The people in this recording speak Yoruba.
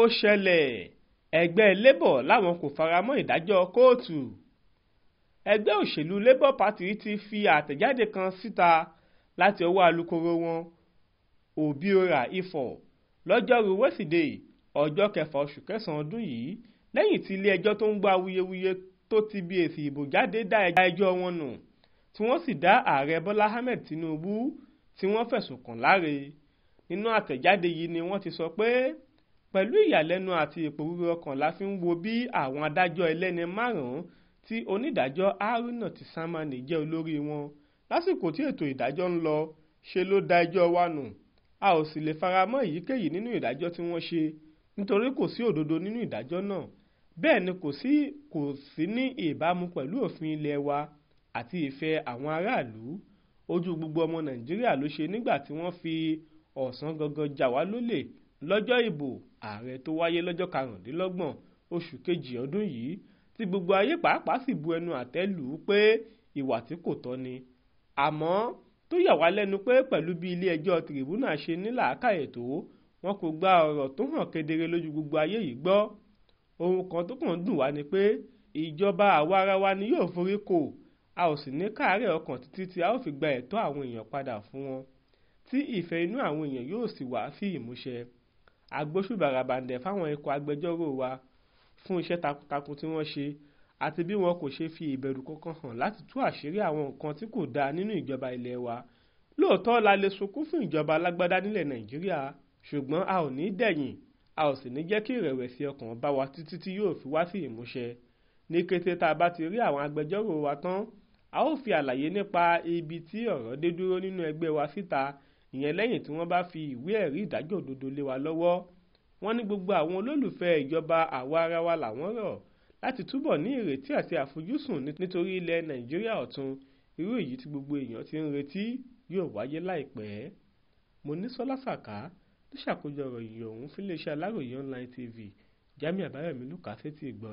ó ṣẹlẹ̀ ẹgbẹ́ labour làwọn kò faramọ́ ìdájọ́ kóòtù ẹgbẹ́ òṣèlú labour party ti fi àtẹ̀jáde kan síta láti ọwọ́ alukoro wọn Obiora Ifor lọ́jọ́rùú wẹ́sídẹ̀ẹ́ ọjọ́ kẹfà oṣù kẹsàn-án ọdún yìí lẹ́yìn tí ilé-ẹjọ́ tó ń gba awuyewuye tó ti bí èsì ìbò jáde dá ẹjọ́ wọn nù tí wọ́n sì dá ààrẹ Bọ́lá Ahmed Tinubu tí wọ́n fẹ̀sùn kàn láre nínú àtẹ̀jáde yìí ni wọ́n ti sọ pé pẹ̀lú ìyàlẹ́nu àti ìpòrúru ọkàn la fi ń wo bí àwọn adájọ́ ẹlẹ́ni márùn-ún tí onídàájọ́ haruna ti samani jẹ́ olórí wọn lásìkò tí ètò ìdájọ́ ń lọ ṣe ló da ẹjọ́ wa nù a ò sì lè fara mọ́ èyíkéyìí nínú ìdájọ́ tí wọ́n ṣe nítorí kò sí òdodo nínú ìdájọ́ náà bẹ́ẹ̀ ni kò sí kò sí ní ìbámu pẹ̀lú òfin ilé wa àti ìfẹ́ àwọn aráàlú ojú gbogbo ọmọ nàìjíríà ló ṣe nígbà tí wọ́n fi ọ̀sán gangan jà wá lólè lọ́jọ́ ìbò ààrẹ tó wáyé lọ́jọ́ karùndínlọ́gbọ̀n oṣù kejì ọdún yìí tí gbogbo ayé pàápàá sì bu ẹnu àtẹ́ lù ú pé ìwà tí kò tọ́ ni àmọ́ tó yà wá lẹ́nu pé pẹ̀lú bí ilé-ẹjọ́ tìrìbùnà ṣe ní làákàyè tó wọn kò gba ọ̀rọ̀ tó hàn kedere lójú gbogbo ayé yìí gbọ́ ohun kan tó kàn dùn wá ni pé ìjọba àwa ara wa ni yóò forí kò a ò sì ní káàárẹ̀ ọkàn títí tí a ó fi gba ẹ̀tọ́ àwọn èèyàn padà fún wọn tí ìfẹ́ inú àwọn èèyàn yóò sì wá sí ìmúṣẹ agbóṣùbàràbàǹdẹ̀ fáwọn ikọ̀ agbẹjọ́rò wa fún iṣẹ́ takuntakun tí wọ́n ṣe àti bí wọn kò ṣe fi ìbẹ̀rù kankan hàn láti tú àṣírí àwọn nǹkan tí kò dáa nínú ìjọba ilẹ̀ wa lóòótọ́ la lè sunkún fún ìjọba alágbádá nílẹ̀ nàìjíríà ṣùgbọ́n a ò ní dẹ̀yìn a ò sì ní jẹ́ kí ìrẹ̀wẹ̀sì ọkàn bá wa títí tí yóò fi wá sí ìmúṣẹ ní kété tá a bá ti rí àwọn agbẹjọ́rò wa tán a ó fi àlàyé nípa ibi tí ọ̀rọ̀ dé dúró nínú ẹgbẹ́ wa síta ìyẹn lẹ́yìn tí wọ́n bá fi ìwé ẹ̀rí ìdájọ́ òdodo lé wa lọ́wọ́ wọ́n ní gbogbo àwọn olólùfẹ́ ìjọba àwa ara wa làwọn rọ̀ láti túbọ̀ ní ìrètí àti àfojúsùn nítorí ilẹ̀ nàìjíríà ọ̀tun irú èyí tí gbogbo èèyàn ti ń retí yóò wáyé láìpẹ́ Monísọ́lá Sàká ló ṣàkójọ ìròyìn ọ̀hún fún iléeṣẹ́ Aláròyé online tv Jamiu Abáyọ̀mí ló kà á